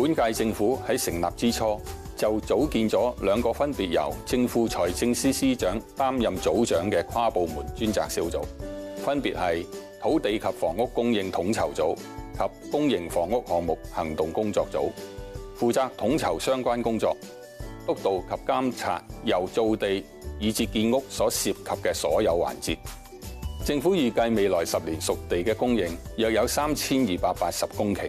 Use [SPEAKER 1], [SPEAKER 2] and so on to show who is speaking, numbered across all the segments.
[SPEAKER 1] 本屆政府喺成立之初就組建咗兩個分別由政府財政司司長擔任組長嘅跨部門專責小組，分別係土地及房屋供應統籌組及公應房屋項目行動工作組，負責統籌相關工作，督導及監察由造地以至建屋所涉及嘅所有環節。政府預計未來十年熟地嘅供應約有三千二百八十公頃。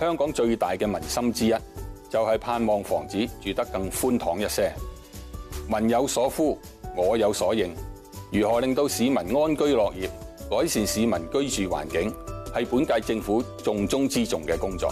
[SPEAKER 1] 香港最大嘅民心之一，就係、是、盼望房子住得更寬敞一些。民有所呼，我有所應。如何令到市民安居樂業，改善市民居住環境，係本屆政府重中之重嘅工作。